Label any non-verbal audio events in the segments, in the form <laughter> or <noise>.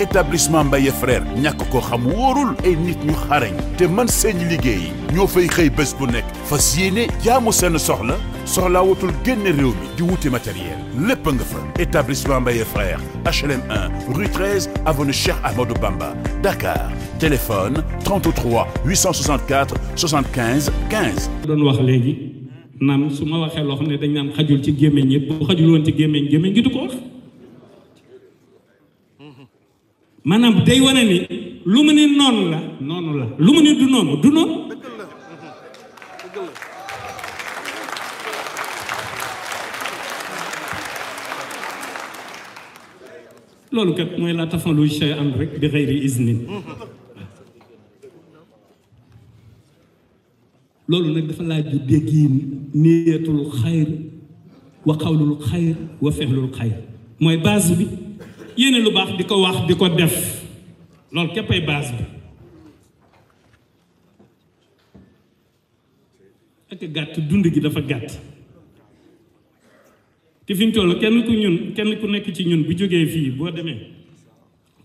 établissement Mbaye frère ñàkk ko xam wóorul ay nit ñu xarañ te man seen liggéey ñoo fay xëy bés bu nekk fas yéene jaamu seen soxla soxlaa wutul génne réew mi di wuti matériel lépp nga fa établissement Mbaye frère HLM 1 rue 13 avenue Cheikh Amadou Bamba Dakar téléphone 33 864 75 15. doon wax léegi naan su ma waxee loo xam ne dañ naan xajul ci gémmiñ ñëpp bu xajul woon ci gémmiñ gémmiñ gi du ko maanaam day wane ni lu mu ni noonu la noonu lu mu ni du noonu du noonu loolu kat mooy la tafan luy shay am rek bi xëyri isnin loolu nag dafa laaj ju déggiin niyatul xayr wa xawlul xayr wa fexlul xayr mooy base bi yéene lu baax di ko wax di ko def loolu képp baas base bi ak gàtt dund gi dafa gàtt te fi ñu toll kenn ku ñun kenn ku nekk ci ñun bu jógee fii boo demee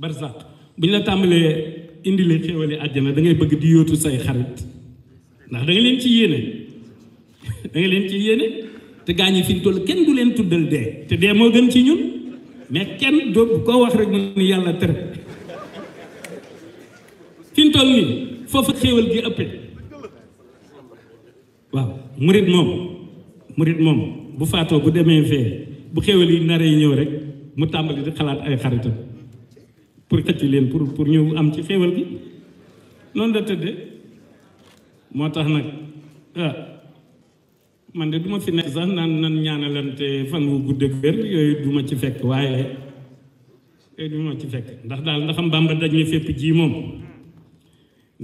barsàq bu ñu la tàmbalee indi leen xéwale àjjana da ngay bëgg di yootu say xarit ndax da leen ci yéene <laughs> da leen ci yéene te gaañi fi ñu toll kenn du leen tuddal dee te dee moo gën ci ñun mais kenn doo ko wax rek mu ni yàlla tere fi mu nii foofu xéewal gi ëppee waaw murit moom murit moom bu faatoo bu demee fee bu xéewal yi nare yi ñëw rek mu tàmbali di xalaat ay xaritam pour xëcc leen pour ñëw ñëw am ci xéewal gi noonu la tëddee moo tax nag ah man de duma fi nekk sax naan nan ñaanalante fan wu gudd ak wér yooyu duma ci fekk waaye yooyu duma ci fekk ndax daal ndaxam daj dañuy fépp jii moom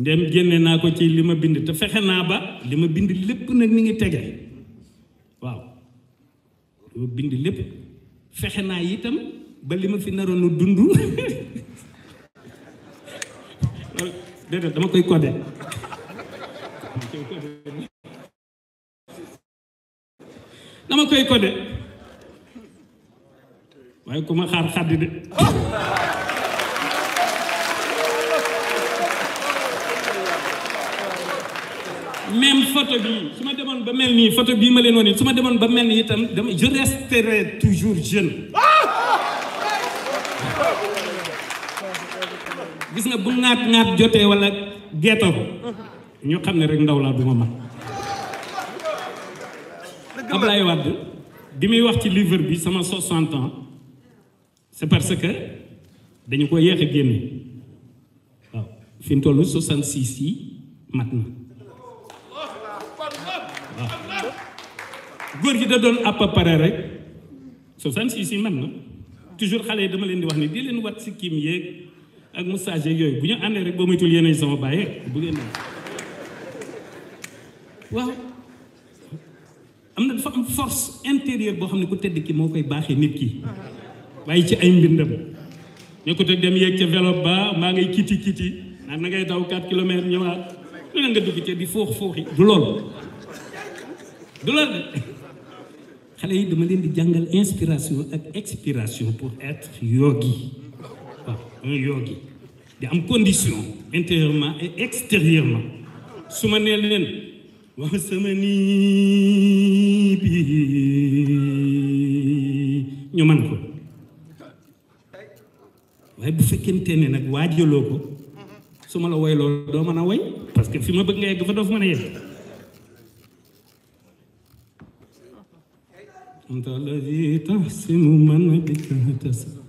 ndem génne naa ko ci li ma bind te fexe naa ba li ma lépp nag mi ngi tege waaw li ma naa itam ba li ma fi naroon dund <laughs> déedéet dama koy codé ma ma xaar xaddi de su ma demoon ba mel nii photo bii ma leen woon nii su ma demoon ba mel nii itam dama je resterai toujours jeune gis nga bu ŋaat ŋaat jotee wala geeto ñu xam ne rek ndaw laa du ma Ablaye Wade bi muy wax ci livre bi sama 60 ans c'est parce que dañu ko yéex a génne waaw fi mu toll 66 yi mat na waaw góor gi da doon àpp pare rek 66 yi mat na toujours xale yi dama leen di wax ni di leen wat si kiim yéeg ak moustache yeeg yooyu bu ñu àndee rek boo moytul yeneen sama bàyyi bu ngeen waaw am na dafa am force intérieure boo xam ne ku tedd ki moo koy baaxee nit ki waaye ci ay mbindam nekkut ak dem yéeg ca vélo ba maa ngay kiti kiti naan na ngay daw 4 kilomètres ñëwaat lu ne nga dugg ca di foox fooxi du loolu du loolu xale yi dama leen di jàngal inspiration ak expiration pour être yogi di am condition intérieurement et extérieurement su ma nee leen waxsamani bi ñu man ko waaye bu fekkente ne nag waajaloo ko su ma la woy lool doo mën a woy parce que fi ma bëgg nga yegg fa doo fa mën a yegg man bika tasam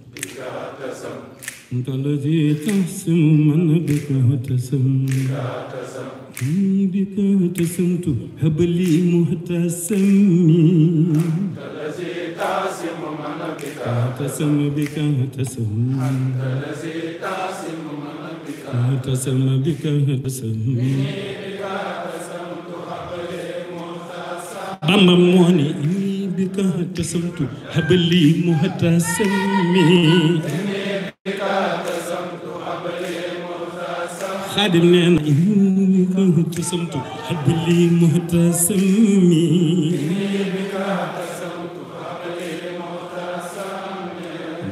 أنت الذي تحسم من بك اهتسم إني بك اهتسمت هب لي مهتسمي أنت الذي تحسم من بك اهتسم بك اهتسم أنت الذي تحسم من بك اهتسم بك اهتسم بما موني إني بك اهتسمت هب لي مهتسمي xaadim nee na tasamtu habli muhtasami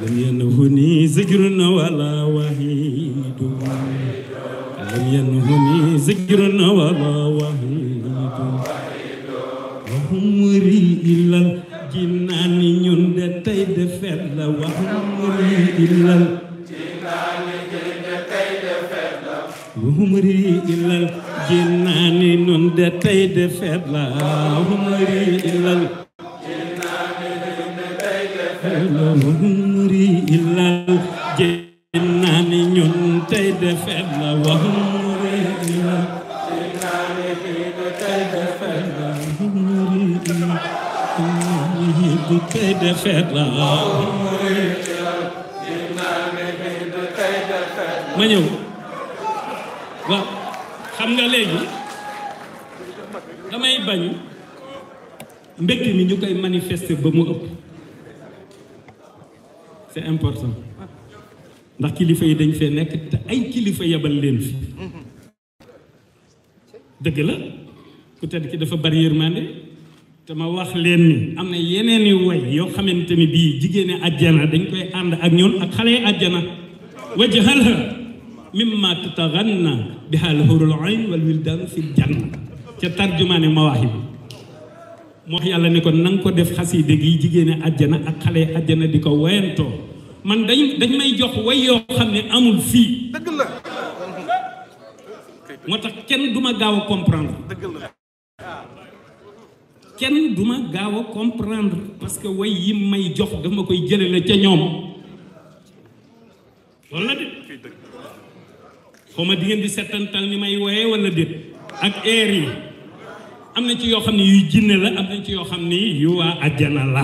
لم ينهني زجر ولا وحيد لم ينهني زجر ولا وحيد وعمري إلى الجنان يندتي دفل وعمري إلى الجنان humri ilal jinnaani nun de tey de feet la humri ilal jinnaani nun de tey de feet la humri ilal jinnaani nun tey de feet la wa humri ilal jinnaani nun tey de feet la humri ilal nun tey de feet la humri ilal jinnaani nun tey de feet la ma ñëw waaw xam nga léegi damay bañ mbégte mi ñu koy manifester ba mu ëpp c'est important ndax kilifa yi dañ fee nekk te ay kilifa yebal leen fi dëgg la peut-être ki dafa bari yërmande te ma wax leen am na yeneen yu way yoo xamante ni bii jigéene àjjana dañ koy ànd ak ñoon ak xale àjjana wajhalha mimma tataganna biha lahurul ayn wal wildan fil janna ca tarjumaane mawaahib moo wax yàlla ne ko na ko def xaside gi jigéene àjjana ak xale àjjana di ko woyantoo man dañ dañ may jox way yoo xam ne amul fii dëgg la moo tax kenn duma gaaw a comprendre dëgg la kenn duma gaaw a comprendre parce que way yi may jox dama koy jële ca ñoom xaw ma di ngeen di settantal ni may woyee wala déet ak air am na ci yoo xam ne yuy jinne la am na ci yoo xam ne yu waa àjjana la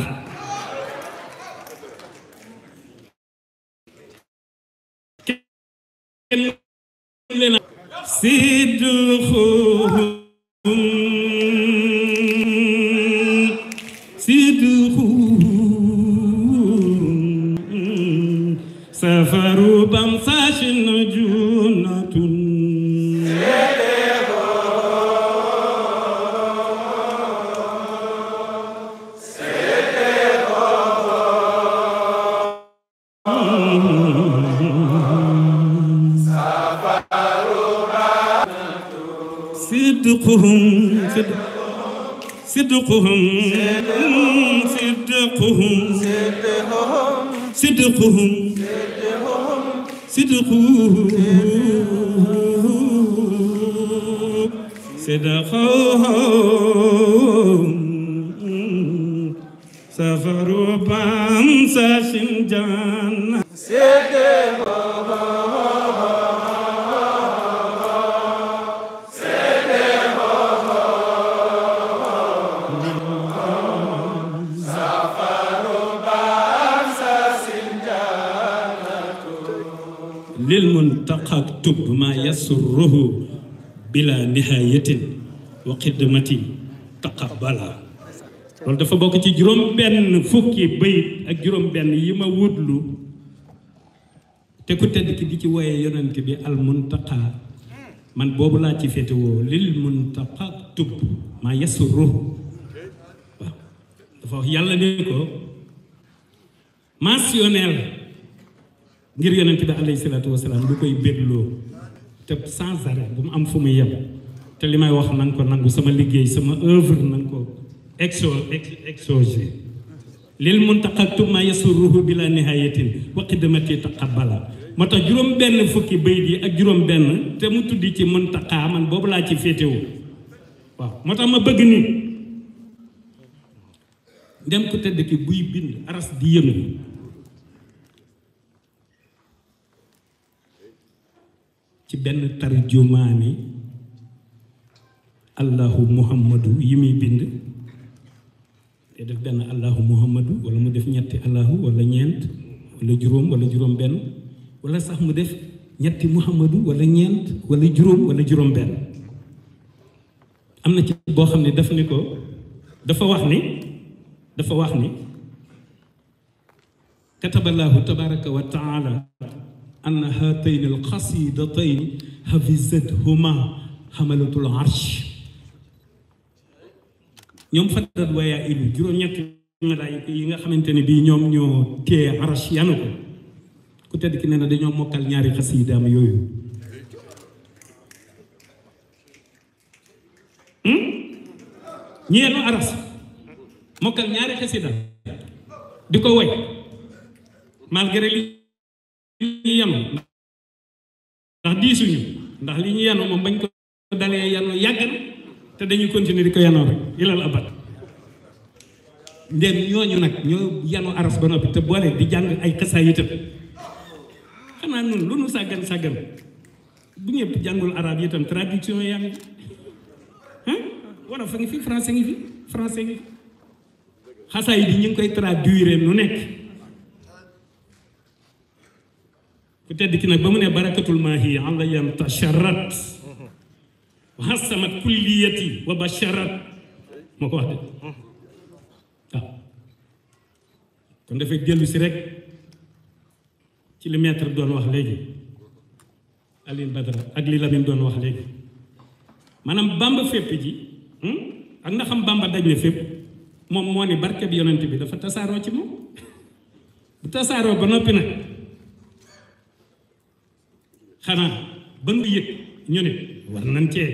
صدقهم صدقهم صدقهم صدقهم صدقهم صدقهم سفروا بامسا شنجان ruhu bila nihayatin wa xidmati taqabala loolu dafa bokk ci juróom benn fukki bayit ak juróom benn yi ma wutlu te ku tedd ki di ci woye yonent bi al muntaqa man boobu laa ci féete woo lil muntaqa tub maa yasu ruhu dafa yàlla ne ko mentionnel ngir yonent bi alayhi salaatu wasalaam lu koy bégloo te sans arrêt bu mu am fu mu yem te li may wax nanga ko nangu sama liggéey sama œuvre nanga ko exo exogé lil muntaqatu ma yasurruhu bila nihayatin wa qidmati taqabbala moo tax juróom benn fukki bayit yi ak juróom benn te mu tuddi ci muntaqaa man boobu laa ci féetewu waaw moo tax ma bëgg ni dem ko tëdd ki buy bind aras di yëm ci benn tarjumaani allahu muhammadu yi muy bind te def benn allahu muhammadu walla mu def ñetti allahu wala ñeent wala juróom wala juróom benn wala sax mu def ñetti muhammadu wala ñeent wala juróom wala juróom benn am na ci boo xam ne daf ni ko dafa wax ni dafa wax ni kataballahu tabaraka wa أن هاتين القصيدتين حفظتهما حملة العرش ñoom faddat waayaa ilu juróom-ñetti malaayika yi nga xamante ne bii ñoom ñoo téye arsh yanu ko ku tedd ki nee na dañoo mokkal ñaari xasiidaam yooyu hmm? ñi yenu arsh mokkal ñaari xasiidaam di ko woy malgré li yenu ndax diisuñu ndax li ñu yenu moom bañ ko dalee yenu yàgg te dañuy continuer di ko yenoo rek ilal abat ndéem ñooñu nag ñoo yenu aras ba noppi te boole di jàng ay xasaa tam xanaa nun lu nu sàggan sàggan bu ñëpp jàngul arab yi tam tradition ngi wala fa ngi fi français ngi fi français ngi fi di ñu ngi koy traduire nu nekk ku tedd ki nag ba mu ne barakatul maahi ala yam tasharat mhm. wa hasamat mhm. ah. dafay dellu rek ci li maître doon doon wax léegi maanaam bamba fépp ji hmm? moom moo ne barke bi dafa tasaaroo ci moom <laughs> bu tasaaroo ba noppi nag xanaa ba nga yëg ñu ne war nañ cee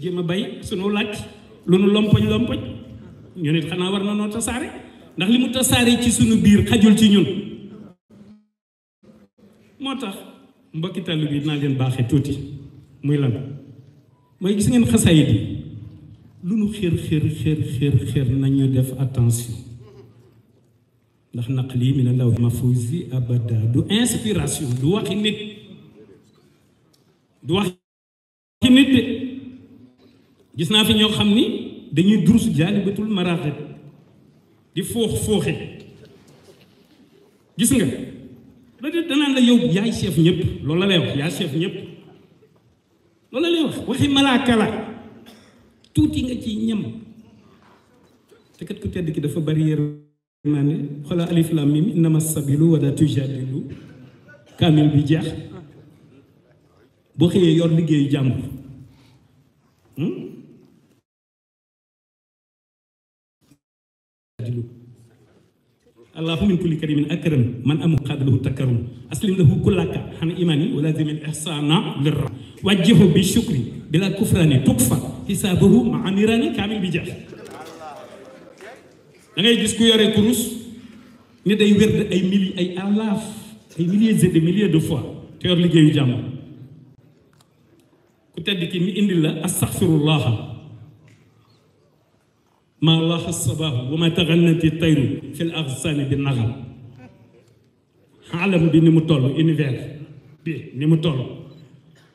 jéem a bay sunu laaj lu nu lompoñ lompoñ ñu ne xanaa war na noo tasaare ndax li mu tasaare ci suñu biir xajul ci ñun moo tax mbokki tàllu bi naa leen baaxee tuuti muy lan mooy gis ngeen xasaayit yi lu nu xër xër xër xër xër nañu def attention ndax naq lii mi ne ndaw mafousi abada du inspiration du waxi nit du wax ci nit de gis naa fi ñoo xam ni dañuy durus jaalibatul maraaxib di foox fooxe gis nga da di danaan yow yaay chef ñëpp lool la lay wax yaay chef ñëpp lool la lay wax waxi malaaka tuuti nga ci ñam te kat ku tedd ki dafa bari yërmaande xoolal alif lam mim innama sabilu wala tujadilu kaamil bi jeex boo xëyee yor liggéeyu jàmbur hmm? allahu min kulli karimin akram man amu xadlahu takarum aslim lahu kullaka xan imani wala zimil ihsana lirra wajjihu bi shukri bila kufrani tukfa xisaabahu ma amirani kaamil bi jeex da gis ku yore kurus ni ay mili ay ay milliers de fois te yor liggéeyu jàmbur ku tedd ki mi indi la astaxfirullaha ma laxa sabaahu wa ma taxannati tayru fi l axsani bi naxal xaalam bi ni mu toll univers bi ni mu toll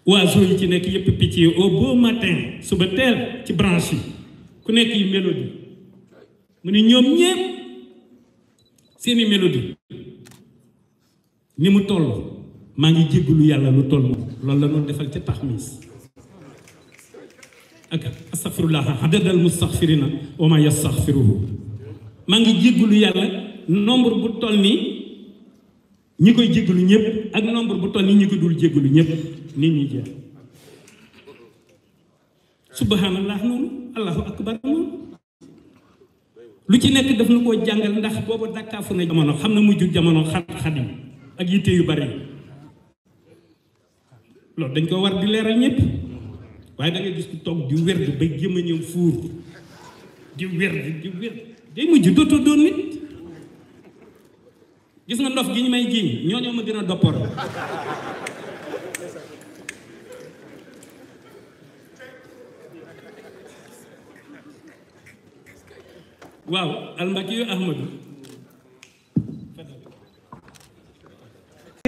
oiseau yi ci nekk yépp picc yi au beau matin suba teel ci branche ku nekk yi mélodie mu ne ñoom ñépp seeni mélodie ni mu toll maa ngi lu yàlla mu toll moom loolu la ñu defal ci taxmis ak astaghfirullah adadal mustaghfirina wa ma yastaghfiruhu maa ngi jéggalu yàlla nombre bu toll nii ñi koy jéggalu ñëpp ak nombre bu toll nii ñi ko dul jéggalu ñëpp nit ñi jeex subhanallah noonu allahu akbar noonu lu ci nekk daf na koo jàngal ndax boobu dàkkaafu na jamono xam na mujj jamono xat-xat yi ak yitte yu bari loolu dañ ko war di leeral ñëpp waaye da ngay gis ku toog di werd ba jéem a ñëw fuur di werd di werd day mujj dootoo doon nit gis nga ndof gi ñu may jiiñ ñooñoo ma gën a doppor waaw almaki ahmadu